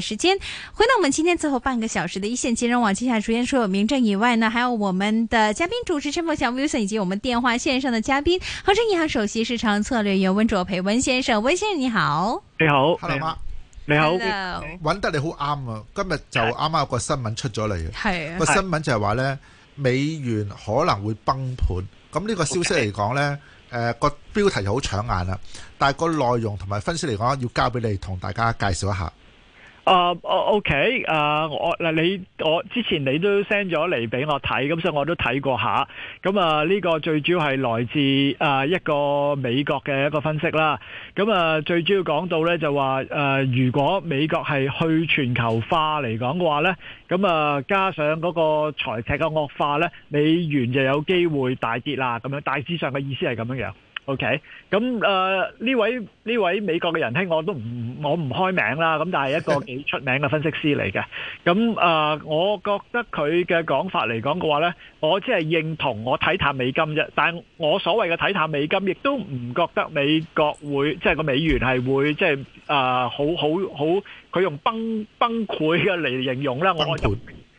時間回到我們今天最後半個小時的一線金融網，接下來首先說有名證以外呢，還有我們的嘉賓主持陳鳳祥 Wilson，以及我們電話線上的嘉賓恒生銀行首席市場策略員溫灼培溫先生，溫先生你好，你好，你好，hello 你好 hello 搵得你好啱啊，今日就啱啱有個新聞出咗嚟嘅，係 Yeah. 個新聞就係話呢，Yeah. 美元可能會崩盤，咁呢個消息嚟講呢，Okay. 呃，呢個標題又好搶眼啦、啊、但係個內容同埋分析嚟講，要交俾你同大家介紹一下。啊、uh，OK，啊，我嗱你我之前你都 send 咗嚟俾我睇，咁所以我都睇過下。咁啊，呢個最主要係來自啊一個美國嘅一個分析啦。咁啊，最主要講到呢，就話，誒，如果美國係去全球化嚟講嘅話呢，咁啊加上嗰個財赤嘅惡化呢，美元就有機會大跌啦。咁樣大致上嘅意思係咁樣樣。OK，咁誒呢位呢位美國嘅仁兄，我都唔我唔開名啦。咁但係一個幾出名嘅分析師嚟嘅。咁誒、呃，我覺得佢嘅講法嚟講嘅話呢，我只係認同我睇淡美金啫。但係我所謂嘅睇淡美金，亦都唔覺得美國會即係個美元係會即係誒好好好，佢、呃、用崩崩潰嘅嚟形容啦。我。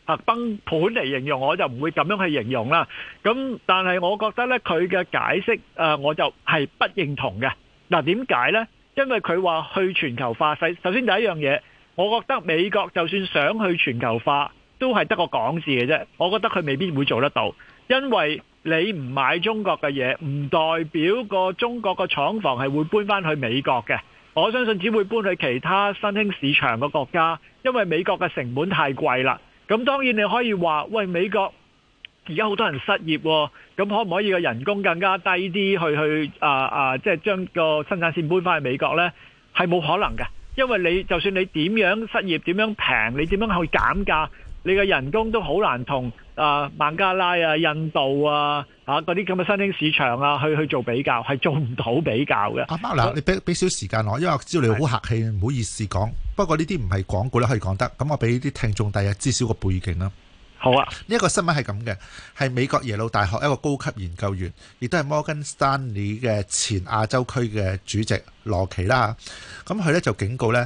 核崩盤嚟形容，我就唔會咁樣去形容啦。咁但係，我覺得呢，佢嘅解釋，誒，我就係不認同嘅。嗱，點解呢？因為佢話去全球化，首先第一樣嘢，我覺得美國就算想去全球化，都係得個講字嘅啫。我覺得佢未必會做得到，因為你唔買中國嘅嘢，唔代表個中國個廠房係會搬翻去美國嘅。我相信只會搬去其他新興市場嘅國家，因為美國嘅成本太貴啦。咁當然你可以話喂，美國而家好多人失業喎，咁可唔可以個人工更加低啲去去啊啊，即係將個生產線搬返去美國呢？係冇可能嘅，因為你就算你點樣失業，點樣平，你點樣去減價，你嘅人工都好難同啊孟加拉啊、印度啊。啊！嗰啲咁嘅新興市場啊，去去做比較，係做唔到比較嘅。阿媽，嗱，你俾俾少時間我，因為我知道你好客氣，唔好意思講。不過呢啲唔係廣告，咧，可以講得。咁我俾啲聽眾第日知少個背景啦。好啊，呢一個新聞係咁嘅，係美國耶魯大學一個高級研究員，亦都係摩根士丹利嘅前亞洲區嘅主席羅奇啦。咁佢咧就警告咧。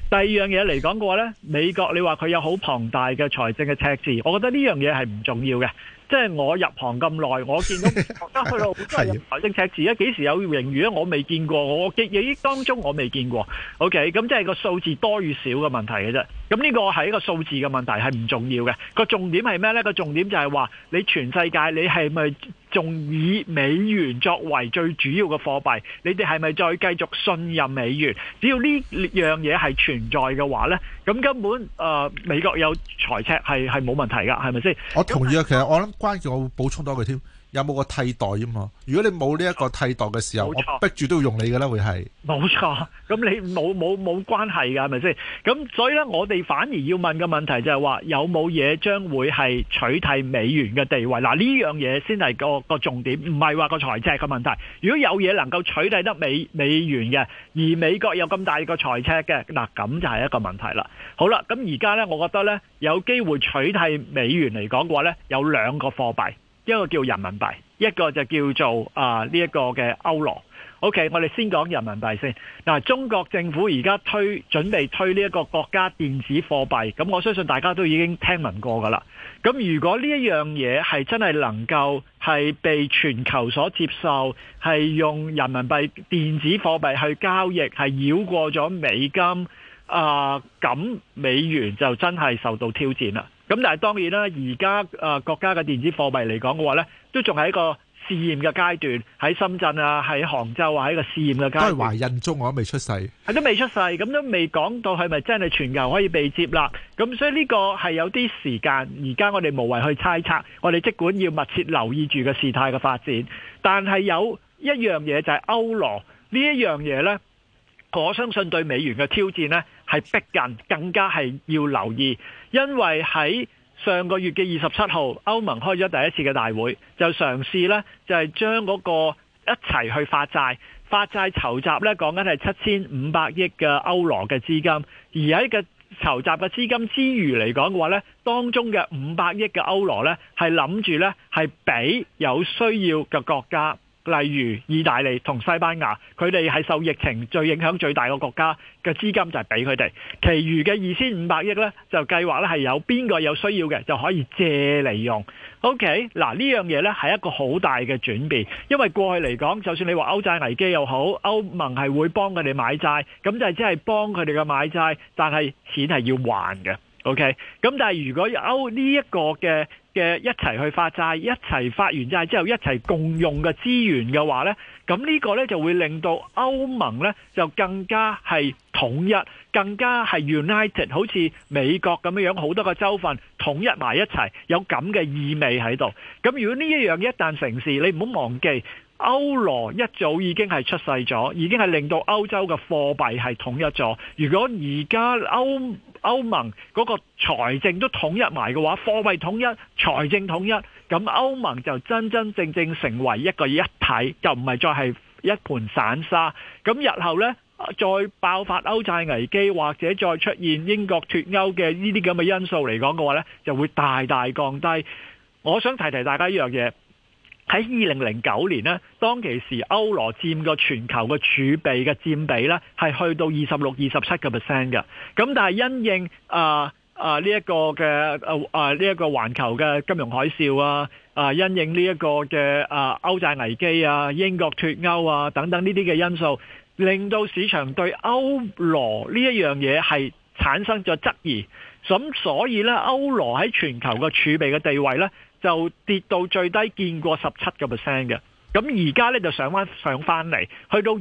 第二樣嘢嚟講嘅話咧，美國你話佢有好龐大嘅財政嘅赤字，我覺得呢樣嘢係唔重要嘅。即係我入行咁耐，我見到覺得佢都係有財政赤字啊，幾時有盈餘咧？我未見過，我記記憶當中我未見過。OK，咁即係個數字多與少嘅問題嘅啫。咁呢個係一個數字嘅問題，係唔重要嘅。個重點係咩咧？個重點就係話你全世界你係咪？仲以美元作為最主要嘅貨幣，你哋係咪再繼續信任美元？只要呢樣嘢係存在嘅話呢，咁根本誒、呃、美國有財赤係係冇問題噶，係咪先？我同意啊。嗯、其實我諗關鍵，我會補充多句添。有冇個替代啊嘛？如果你冇呢一個替代嘅時候，我逼住都要用你噶啦，會係。冇錯，咁你冇冇冇關係噶，係咪先？咁所以呢，我哋反而要問嘅問題就係話，有冇嘢將會係取替美元嘅地位？嗱，呢樣嘢先係個個重點，唔係話個財赤嘅問題。如果有嘢能夠取替得美美元嘅，而美國有咁大個財赤嘅，嗱，咁就係一個問題啦。好啦，咁而家呢，我覺得呢，有機會取替美元嚟講嘅話呢，有兩個貨幣。一個叫人民幣，一個就叫做啊呢一個嘅歐羅。OK，我哋先講人民幣先。嗱、啊，中國政府而家推準備推呢一個國家電子貨幣，咁我相信大家都已經聽聞過噶啦。咁如果呢一樣嘢係真係能夠係被全球所接受，係用人民幣電子貨幣去交易，係繞過咗美金啊，咁美元就真係受到挑戰啦。咁但係當然啦，而家誒國家嘅電子貨幣嚟講嘅話呢，都仲係一個試驗嘅階段，喺深圳啊，喺杭州啊，喺個試驗嘅階段。都係懷孕中我，我都未出世。係都未出世，咁都未講到係咪真係全球可以被接納？咁所以呢個係有啲時間，而家我哋無謂去猜測。我哋即管要密切留意住個事態嘅發展，但係有一樣嘢就係歐羅呢一樣嘢呢，我相信對美元嘅挑戰呢，係逼近，更加係要留意，因為喺上個月嘅二十七號，歐盟開咗第一次嘅大會，就嘗試呢就係將嗰個一齊去發債，發債籌集呢講緊係七千五百億嘅歐羅嘅資金，而喺個籌集嘅資金之餘嚟講嘅話呢，當中嘅五百億嘅歐羅呢，係諗住呢係俾有需要嘅國家。例如意大利同西班牙，佢哋係受疫情最影響最大嘅國家嘅資金就係俾佢哋，其餘嘅二千五百億咧就計劃咧係有邊個有需要嘅就可以借嚟用。OK，嗱呢樣嘢咧係一個好大嘅轉變，因為過去嚟講，就算你話歐債危機又好，歐盟係會幫佢哋買債，咁就係只係幫佢哋嘅買債，但係錢係要還嘅。O.K. 咁但係如果歐呢一個嘅嘅一齊去發債，一齊發完債之後，一齊共用嘅資源嘅話呢，咁呢個呢就會令到歐盟呢就更加係統一，更加係 United，好似美國咁樣樣，好多個州份統一埋一齊，有咁嘅意味喺度。咁如果呢一樣一旦成事，你唔好忘記。歐羅一早已經係出世咗，已經係令到歐洲嘅貨幣係統一咗。如果而家歐歐盟嗰個財政都統一埋嘅話，貨幣統一，財政統一，咁歐盟就真真正正成為一個一體，就唔係再係一盤散沙。咁日後呢，再爆發歐債危機，或者再出現英國脫歐嘅呢啲咁嘅因素嚟講嘅話，呢就會大大降低。我想提提大家一樣嘢。喺二零零九年呢，當其時歐羅佔個全球嘅儲備嘅佔比呢，係去到二十六、二十七個 percent 嘅。咁但係因應啊啊呢一個嘅啊啊呢一個環球嘅金融海嘯，啊啊因應呢一個嘅啊歐債危機啊英國脱歐啊等等呢啲嘅因素，令到市場對歐羅呢一樣嘢係產生咗質疑。咁所以呢，歐羅喺全球嘅儲備嘅地位呢，就跌到最低見過十七個 percent 嘅，咁而家咧就上翻上翻嚟，去到二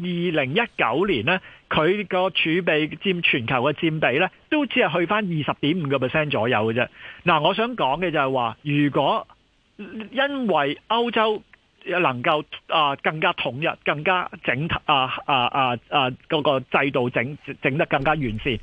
零一九年咧，佢個儲備佔全球嘅佔比咧，都只係去翻二十點五個 percent 左右嘅啫。嗱，我想講嘅就係話，如果因為歐洲能夠啊更加統一、更加整啊啊啊啊嗰個制度整整得更加完善。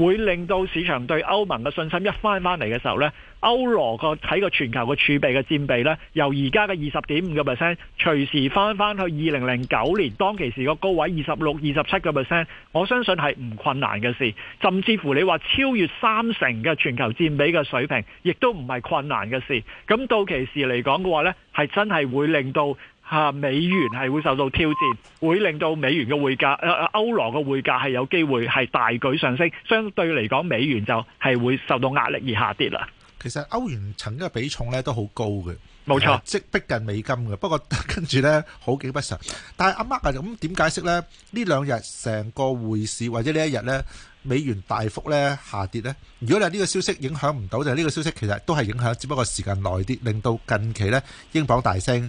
會令到市場對歐盟嘅信心一翻翻嚟嘅時候呢，歐羅個喺個全球嘅儲備嘅佔比呢由，由而家嘅二十點五個 percent，隨時翻翻去二零零九年當其時個高位二十六、二十七個 percent，我相信係唔困難嘅事。甚至乎你話超越三成嘅全球佔比嘅水平，亦都唔係困難嘅事。咁到其時嚟講嘅話呢，係真係會令到。啊，美元係會受到挑戰，會令到美元嘅匯價，歐羅嘅匯價係有機會係大舉上升。相對嚟講，美元就係會受到壓力而下跌啦。其實歐元曾經嘅比重咧都好高嘅，冇錯，即逼近美金嘅。不過跟住咧好景不實，但係阿 Mark 啊，咁點解釋咧？呢兩日成個匯市或者呢一日咧美元大幅咧下跌咧。如果你係呢個消息影響唔到，就係呢個消息其實都係影響，只不過時間耐啲，令到近期咧英鎊大升。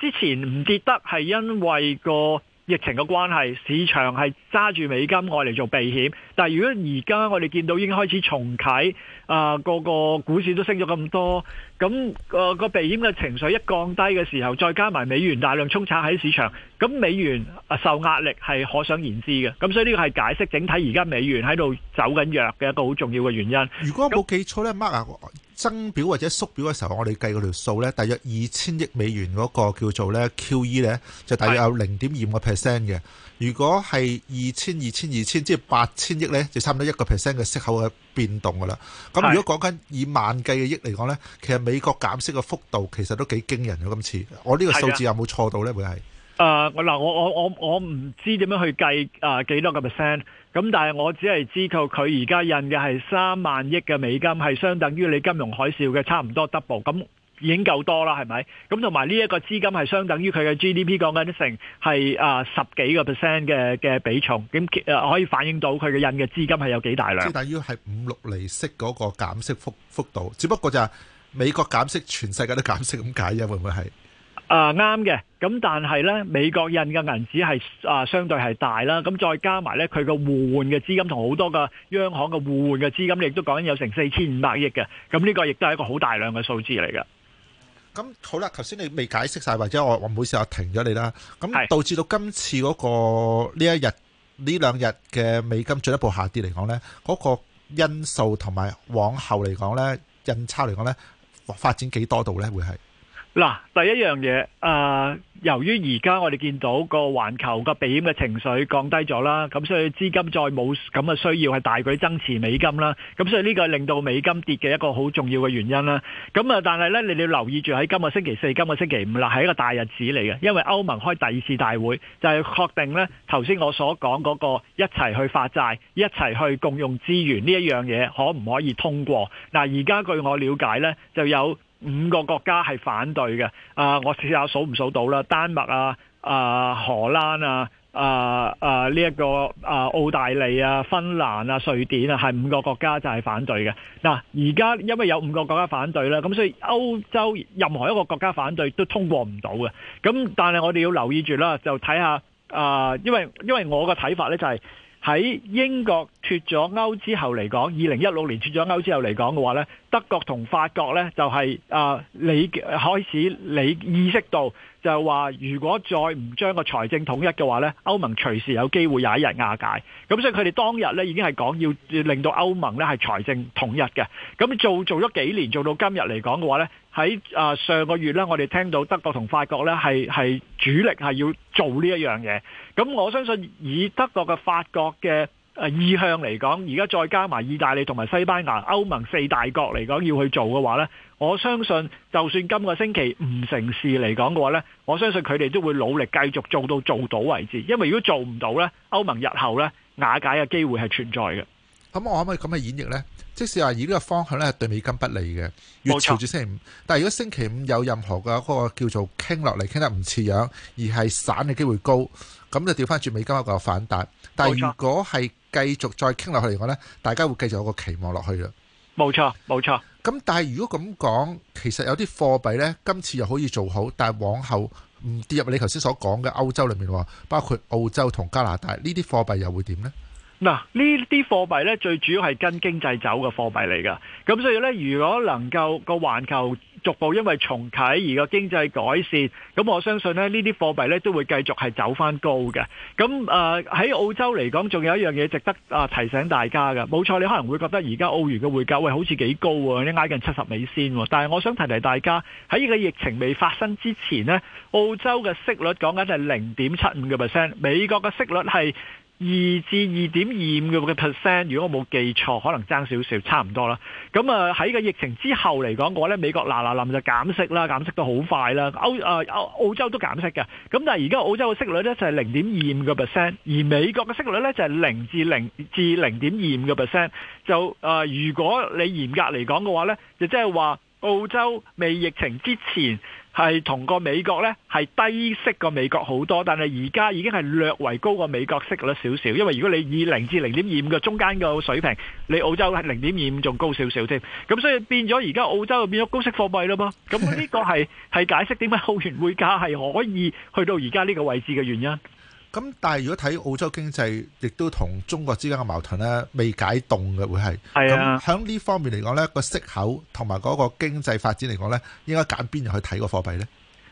之前唔跌得係因為個疫情嘅關係，市場係揸住美金愛嚟做避險。但係如果而家我哋見到已經開始重啟啊，個個股市都升咗咁多，咁個個避險嘅情緒一降低嘅時候，再加埋美元大量沖刷喺市場，咁美元啊受壓力係可想而知嘅。咁所以呢個係解釋整體而家美元喺度走緊弱嘅一個好重要嘅原因。如果我冇記錯，咧，乜啊？增表或者縮表嘅時候，我哋計嗰條數咧，大約二千億美元嗰個叫做咧 QE 咧，就大約有零點二五個 percent 嘅。如果係二千、二千、二千，即係八千億咧，就差唔多一個 percent 嘅息口嘅變動噶啦。咁如果講緊以萬計嘅億嚟講咧，其實美國減息嘅幅度其實都幾驚人嘅今次。我呢個數字有冇錯到咧？會係？誒，嗱，我我我我唔知點樣去計誒幾多個 percent。咁但係我只係知道佢而家印嘅係三萬億嘅美金，係相等於你金融海嘯嘅差唔多 double 咁，已經夠多啦，係咪？咁同埋呢一個資金係相等於佢嘅 G D P 講緊成係啊十幾個 percent 嘅嘅比重，咁可以反映到佢嘅印嘅資金係有幾大量，即等於係五六厘息嗰個減息幅幅度，只不過就係美國減息，全世界都減息咁解啊？會唔會係？啊啱嘅，咁但係咧，美國印嘅銀紙係啊相對係大啦，咁再加埋咧，佢嘅互換嘅資金同好多嘅央行嘅互換嘅資金，你亦都講緊有成四千五百億嘅，咁呢個亦都係一個好大量嘅數字嚟嘅。咁好啦，頭先你未解釋晒，或者我我唔好意思停咗你啦。咁導致到今次嗰個呢一日呢兩日嘅美金進一步下跌嚟講咧，嗰個因素同埋往後嚟講咧，印鈔嚟講咧發展幾多度咧會係？嗱，第一樣嘢，誒、呃，由於而家我哋見到個環球個避險嘅情緒降低咗啦，咁所以資金再冇咁嘅需要係大舉增持美金啦，咁所以呢個令到美金跌嘅一個好重要嘅原因啦。咁啊，但係呢，你哋要留意住喺今個星期四、今個星期五啦，係一個大日子嚟嘅，因為歐盟開第二次大會，就係、是、確定呢頭先我所講嗰個一齊去發債、一齊去共用資源呢一樣嘢可唔可以通過？嗱、呃，而家據我了解呢，就有。五個國家係反對嘅，啊啊，啊，我試下數唔數到啦，丹麥啊、啊荷蘭啊、啊啊呢一個啊澳大利啊、芬蘭啊、瑞典啊，係五個國家就係反對嘅。嗱，而家因為有五個國家反對啦，咁所以歐洲任何一個國家反對都通過唔到嘅。咁但係我哋要留意住啦，就睇下啊，因為因為我嘅睇法呢就係喺英國。脫咗歐之後嚟講，二零一六年脫咗歐之後嚟講嘅話咧，德國同法國咧就係啊，你開始你意識到就係話，如果再唔將個財政統一嘅話咧，歐盟隨時有機會有一日瓦解。咁所以佢哋當日咧已經係講要要令到歐盟咧係財政統一嘅。咁做做咗幾年，做到今日嚟講嘅話咧，喺啊上個月咧，我哋聽到德國同法國咧係係主力係要做呢一樣嘢。咁我相信以德國嘅法國嘅。意向嚟講，而家再加埋意大利同埋西班牙，歐盟四大國嚟講要去做嘅話呢，我相信就算今個星期唔成事嚟講嘅話呢，我相信佢哋都會努力繼續做到做到為止。因為如果做唔到呢，歐盟日後呢瓦解嘅機會係存在嘅。咁、嗯、我可唔可以咁嘅演繹呢？即使話以呢個方向呢對美金不利嘅，越朝住星期五。冇錯。但係如果星期五有任何嘅個叫做傾落嚟，傾得唔似樣，而係散嘅機會高，咁就調翻轉美金一個反彈。但係如果係。繼續再傾落去嚟講呢，大家會繼續有個期望落去嘅。冇錯，冇錯。咁但係如果咁講，其實有啲貨幣呢，今次又可以做好，但係往後唔跌入你頭先所講嘅歐洲裏面話，包括澳洲同加拿大呢啲貨幣又會點呢？嗱，呢啲貨幣呢，最主要係跟經濟走嘅貨幣嚟㗎。咁所以呢，如果能夠個環球逐步因為重啟而個經濟改善，咁我相信咧呢啲貨幣咧都會繼續係走翻高嘅。咁誒喺澳洲嚟講仲有一樣嘢值得啊提醒大家嘅。冇錯，你可能會覺得而家澳元嘅匯價喂好似幾高啊，你挨近七十美仙喎。但係我想提提大家喺呢個疫情未發生之前咧，澳洲嘅息率講緊係零點七五嘅 percent，美國嘅息率係。二至二點二五嘅 percent，如果我冇記錯，可能爭少少，差唔多啦。咁啊喺個疫情之後嚟講嘅話咧，美國嗱嗱臨就減息啦，減息得好快啦。歐啊，澳洲澳洲都減息嘅。咁但係而家澳洲嘅息率咧就係零點二五嘅 percent，而美國嘅息率咧就係零至零至零點二五嘅 percent。就啊，如果你嚴格嚟講嘅話咧，就即係話澳洲未疫情之前。係同個美國呢，係低息個美國好多，但係而家已經係略為高過美國息率少少，因為如果你以零至零點二五嘅中間嘅水平，你澳洲係零點二五仲高少少添，咁所以變咗而家澳洲變咗高息貨幣咯，咁呢個係係解釋點解澳元匯價係可以去到而家呢個位置嘅原因。咁，但係如果睇澳洲經濟，亦都同中國之間嘅矛盾咧，未解凍嘅會係係啊。響呢方面嚟講咧，個息口同埋嗰個經濟發展嚟講咧，應該揀邊樣去睇個貨幣咧？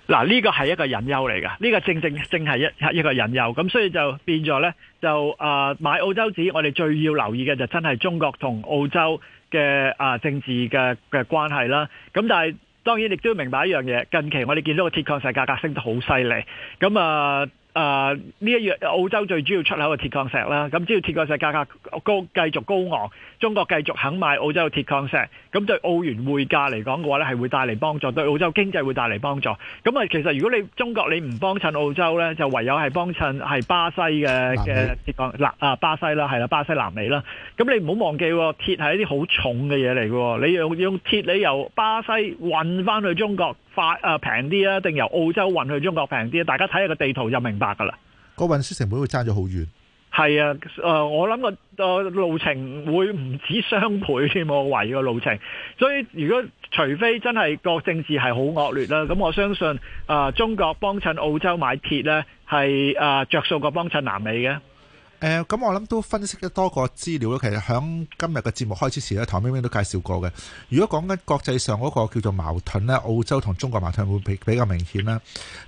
嗱，呢個係一個隱憂嚟噶，呢個正正正係一係一個隱憂。咁所以就變咗咧，就啊買澳洲紙，我哋最要留意嘅就真係中國同澳洲嘅啊政治嘅嘅關係啦。咁但係當然亦都要明白一樣嘢，近期我哋見到個鐵礦石價格升得好犀利，咁啊。誒呢、呃、一樣澳洲最主要出口嘅鐵礦石啦，咁只要鐵礦石價格高，高繼續高昂，中國繼續肯買澳洲嘅鐵礦石，咁對澳元匯價嚟講嘅話呢，係會帶嚟幫助，對澳洲經濟會帶嚟幫助。咁啊，其實如果你中國你唔幫襯澳洲呢，就唯有係幫襯係巴西嘅嘅鐵礦嗱，啊巴西啦，係啦巴西南美啦。咁你唔好忘記，鐵係一啲好重嘅嘢嚟嘅，你用用鐵你由巴西運翻去中國八啊平啲啊，定由澳洲運去中國平啲啊？大家睇下個地圖就明白㗎啦。個運輸成本會差咗好遠。係啊，誒，我諗個誒路程會唔止雙倍添喎，為個路程。所以如果除非真係個政治係好惡劣啦，咁我相信誒中國幫襯澳洲買鐵呢，係誒著數過幫襯南美嘅。誒咁、嗯，我諗都分析得多個資料咯。其實喺今日嘅節目開始時咧，唐冰冰都介紹過嘅。如果講緊國際上嗰個叫做矛盾呢，澳洲同中國矛盾會比比較明顯啦。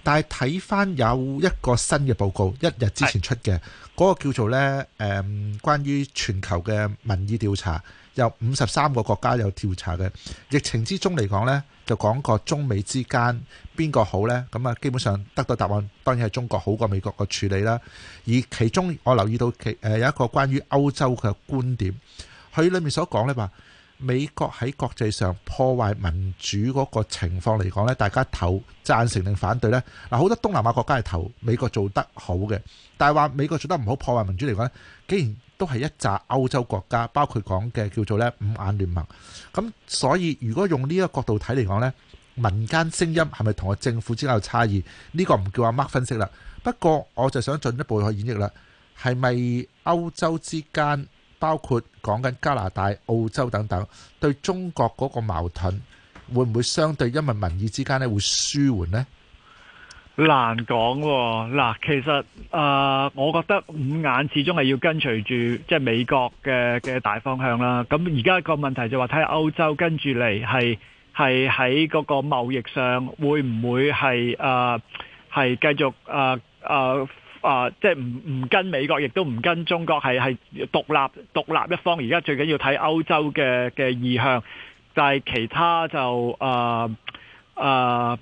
但係睇翻有一個新嘅報告，一日之前出嘅嗰是個叫做呢誒、呃，關於全球嘅民意調查，有五十三個國家有調查嘅疫情之中嚟講呢。就講過中美之間邊個好呢？咁啊，基本上得到答案，當然係中國好過美國個處理啦。而其中我留意到其、呃，有一個關於歐洲嘅觀點，佢裏面所講呢話美國喺國際上破壞民主嗰個情況嚟講呢，大家投贊成定反對呢？嗱，好多東南亞國家係投美國做得好嘅，但係話美國做得唔好破壞民主嚟講呢，竟然。都係一紮歐洲國家，包括講嘅叫做咧五眼聯盟咁，所以如果用呢一個角度睇嚟講呢，民間聲音係咪同個政府之間有差異？呢、這個唔叫阿 Mark 分析啦。不過我就想進一步去演繹啦，係咪歐洲之間，包括講緊加拿大、澳洲等等，對中國嗰個矛盾會唔會相對因為民意之間咧會舒緩呢？難講嗱，其實誒，我覺得五眼始終係要跟隨住即係美國嘅嘅大方向啦。咁而家個問題就話睇下歐洲跟住嚟係係喺嗰個貿易上會唔會係誒係繼續誒誒誒，即係唔唔跟美國亦都唔跟中國係係獨立獨立一方。而家最緊要睇歐洲嘅嘅意向，但係其他就誒誒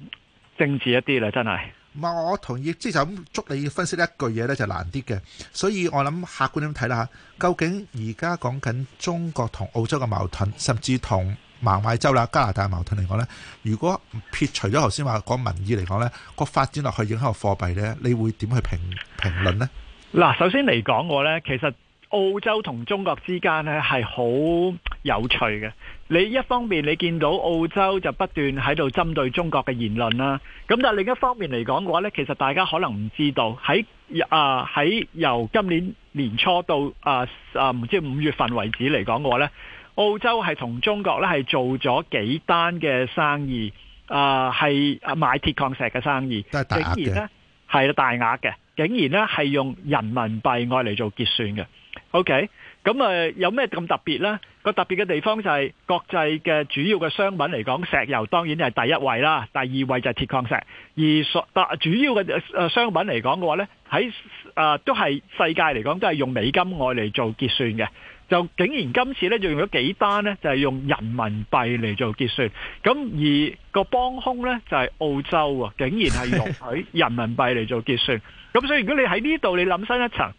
政治一啲啦，真係。唔係我同意，即係就咁、是、捉你分析一句嘢咧，就難啲嘅。所以我諗客觀咁睇啦，究竟而家講緊中國同澳洲嘅矛盾，甚至同南美洲啦、加拿大嘅矛盾嚟講呢？如果撇除咗頭先話講民意嚟講呢，個發展落去影響個貨幣呢，你會點去評評論呢？嗱，首先嚟講我呢其實澳洲同中國之間呢係好有趣嘅，你一方面你見到澳洲就不斷喺度針對中國嘅言論啦，咁但係另一方面嚟講嘅話咧，其實大家可能唔知道喺啊喺由今年年初到啊啊唔知五月份為止嚟講嘅話咧，澳洲係同中國咧係做咗幾單嘅生意，啊係啊買鐵礦石嘅生意，竟然咧係大額嘅，竟然咧係用人民幣外嚟做結算嘅，OK。咁有咩咁特別呢？個特別嘅地方就係國際嘅主要嘅商品嚟講，石油當然係第一位啦，第二位就係鐵礦石。而所主要嘅商品嚟講嘅話呢喺、啊、都係世界嚟講都係用美金外嚟做結算嘅，就竟然今次呢，就用咗幾單呢，就係、是、用人民幣嚟做結算。咁而個幫兇呢，就係、是、澳洲啊，竟然係用佢人民幣嚟做結算。咁 所以如果你喺呢度，你諗深一層。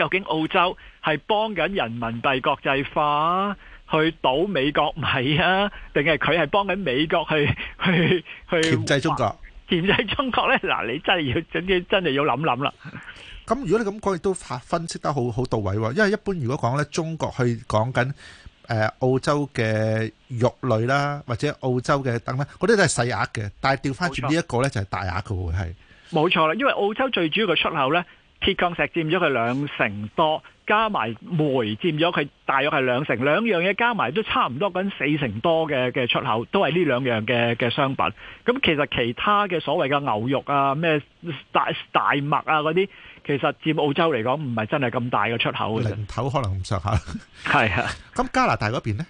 究竟澳洲係幫緊人民幣國際化去倒美國米啊，定係佢係幫緊美國去去去鉗制中國？鉗制中國咧，嗱，你真係要總之真係要諗諗啦。咁如果你咁講，亦都分析得好好到位喎。因為一般如果講咧，中國去講緊誒澳洲嘅肉類啦，或者澳洲嘅等啦，嗰啲都係細額嘅。但係掉翻轉呢一個咧，就係大額嘅，係冇錯啦。因為澳洲最主要嘅出口咧。鐵礦石佔咗佢兩成多，加埋煤佔咗佢大約係兩成，兩樣嘢加埋都差唔多緊四成多嘅嘅出口，都係呢兩樣嘅嘅商品。咁其實其他嘅所謂嘅牛肉啊，咩大大麥啊嗰啲，其實佔澳洲嚟講唔係真係咁大嘅出口嘅。零頭可能唔上下。係 啊，咁加拿大嗰邊呢？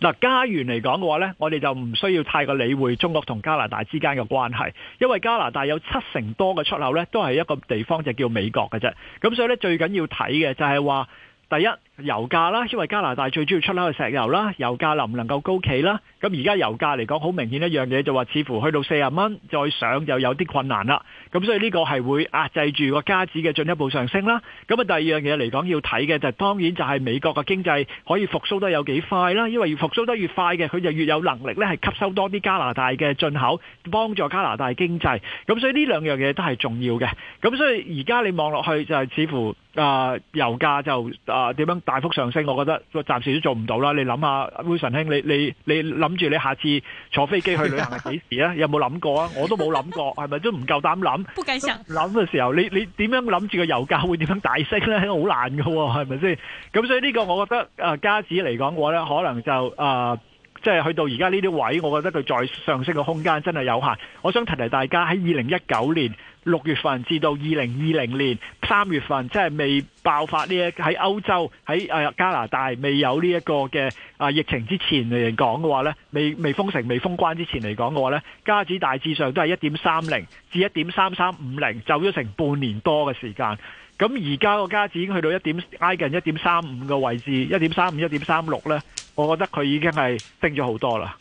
嗱，加元嚟講嘅話咧，我哋就唔需要太過理會中國同加拿大之間嘅關係，因為加拿大有七成多嘅出口咧，都係一個地方就叫美國嘅啫。咁所以咧，最緊要睇嘅就係話，第一。油價啦，因為加拿大最主要出口係石油啦，油價能唔能夠高企啦？咁而家油價嚟講，好明顯一樣嘢就話，似乎去到四十蚊再上就有啲困難啦。咁所以呢個係會壓制住個加指嘅進一步上升啦。咁啊，第二樣嘢嚟講要睇嘅就係當然就係美國嘅經濟可以復甦得有幾快啦。因為越復甦得越快嘅，佢就越有能力咧係吸收多啲加拿大嘅進口，幫助加拿大經濟。咁所以呢兩樣嘢都係重要嘅。咁所以而家你望落去就係似乎啊、呃、油價就啊點、呃、樣？大幅上升，我覺得暫時都做唔到啦。你諗下 Wilson 兄，你你你諗住你，你下次坐飛機去旅行係幾時啊？有冇諗過啊？我都冇諗過，係咪 都唔夠膽諗？不敢想。諗嘅時候，你你點樣諗住個油價會點樣大升咧？好難㗎喎、哦，係咪先？咁所以呢個我覺得家子嚟講嘅話咧，可能就啊。呃即係去到而家呢啲位，我覺得佢再上升嘅空間真係有限。我想提提大家喺二零一九年六月份至到二零二零年三月份，即係未爆發呢一喺歐洲喺加拿大未有呢一個嘅啊疫情之前嚟講嘅話呢，未未封城、未封關之前嚟講嘅話呢，加指大致上都係一點三零至一點三三五零，走咗成半年多嘅時間。咁而家個價錢已經去到一點挨近一點三五嘅位置，一點三五、一點三六咧，我覺得佢已經係升咗好多啦。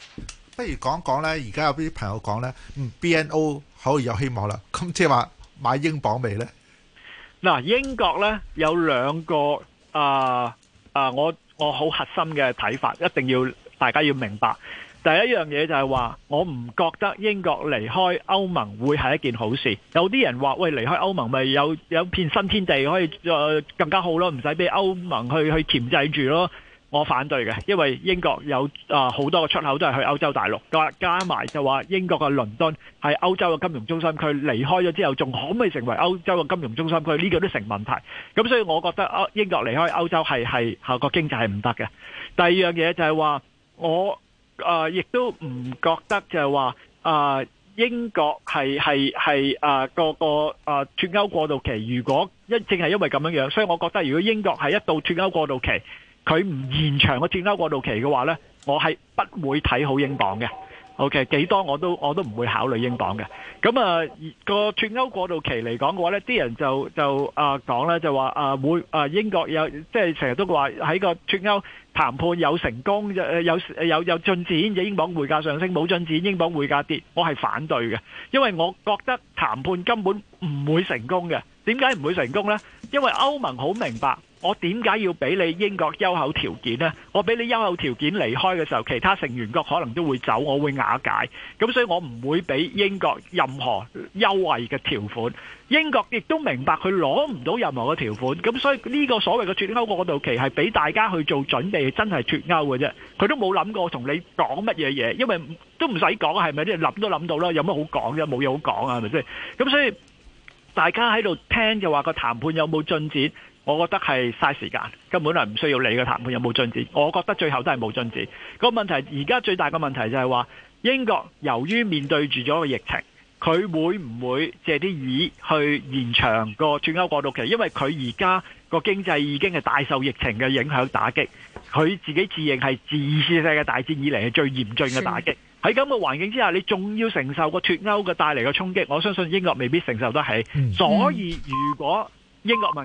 不如講一講咧，而家有啲朋友講咧，嗯，BNO 好有希望啦。咁即係話買英鎊未咧？嗱，英國咧有兩個啊啊，我我好核心嘅睇法，一定要大家要明白。第一樣嘢就係話，我唔覺得英國離開歐盟會係一件好事有。有啲人話喂，離開歐盟咪有有片新天地可以，呃、更加好咯，唔使俾歐盟去去鉗制住咯。我反對嘅，因為英國有啊好、呃、多嘅出口都係去歐洲大陸。加埋就話英國嘅倫敦係歐洲嘅金融中心區，離開咗之後仲可唔可以成為歐洲嘅金融中心區？呢、這個都成問題。咁所以我覺得英英國離開歐洲係係效果經濟係唔得嘅。第二樣嘢就係話我。啊！亦、呃、都唔覺得就係話啊，英國係係係啊個個啊脫歐過渡期，如果一正係因為咁樣樣，所以我覺得如果英國係一到脫歐過渡期，佢唔延長個脫歐過渡期嘅話呢，我係不會睇好英鎊嘅。OK，幾多我都我都唔會考慮英鎊嘅咁啊。個脫歐過渡期嚟講嘅話咧，啲人就就啊講咧就話啊會啊英國有即係成日都話喺個脫歐談判有成功誒有有有進展，英鎊匯價上升，冇進展，英鎊匯價跌，我係反對嘅，因為我覺得談判根本唔會成功嘅。點解唔會成功咧？因為歐盟好明白。我點解要俾你英國優厚條件呢？我俾你優厚條件離開嘅時候，其他成員國可能都會走，我會瓦解。咁所以我唔會俾英國任何優惠嘅條款。英國亦都明白佢攞唔到任何嘅條款。咁所以呢個所謂嘅脱歐過渡期係俾大家去做準備，真係脱歐嘅啫。佢都冇諗過同你講乜嘢嘢，因為都唔使講，係咪你諗都諗到啦？有乜好講啫？冇嘢好講啊，係咪先？咁所以大家喺度聽就話個談判有冇進展？我覺得係嘥時間，根本就唔需要理佢談判有冇進展。我覺得最後都係冇進展。個問題而家最大嘅問題就係話英國由於面對住咗個疫情，佢會唔會借啲耳去延長個脱歐過渡期？因為佢而家個經濟已經係大受疫情嘅影響打擊，佢自己自認係二次世界大戰以嚟係最嚴峻嘅打擊。喺咁嘅環境之下，你仲要承受個脱歐嘅帶嚟嘅衝擊，我相信英國未必承受得起。所以如果英國民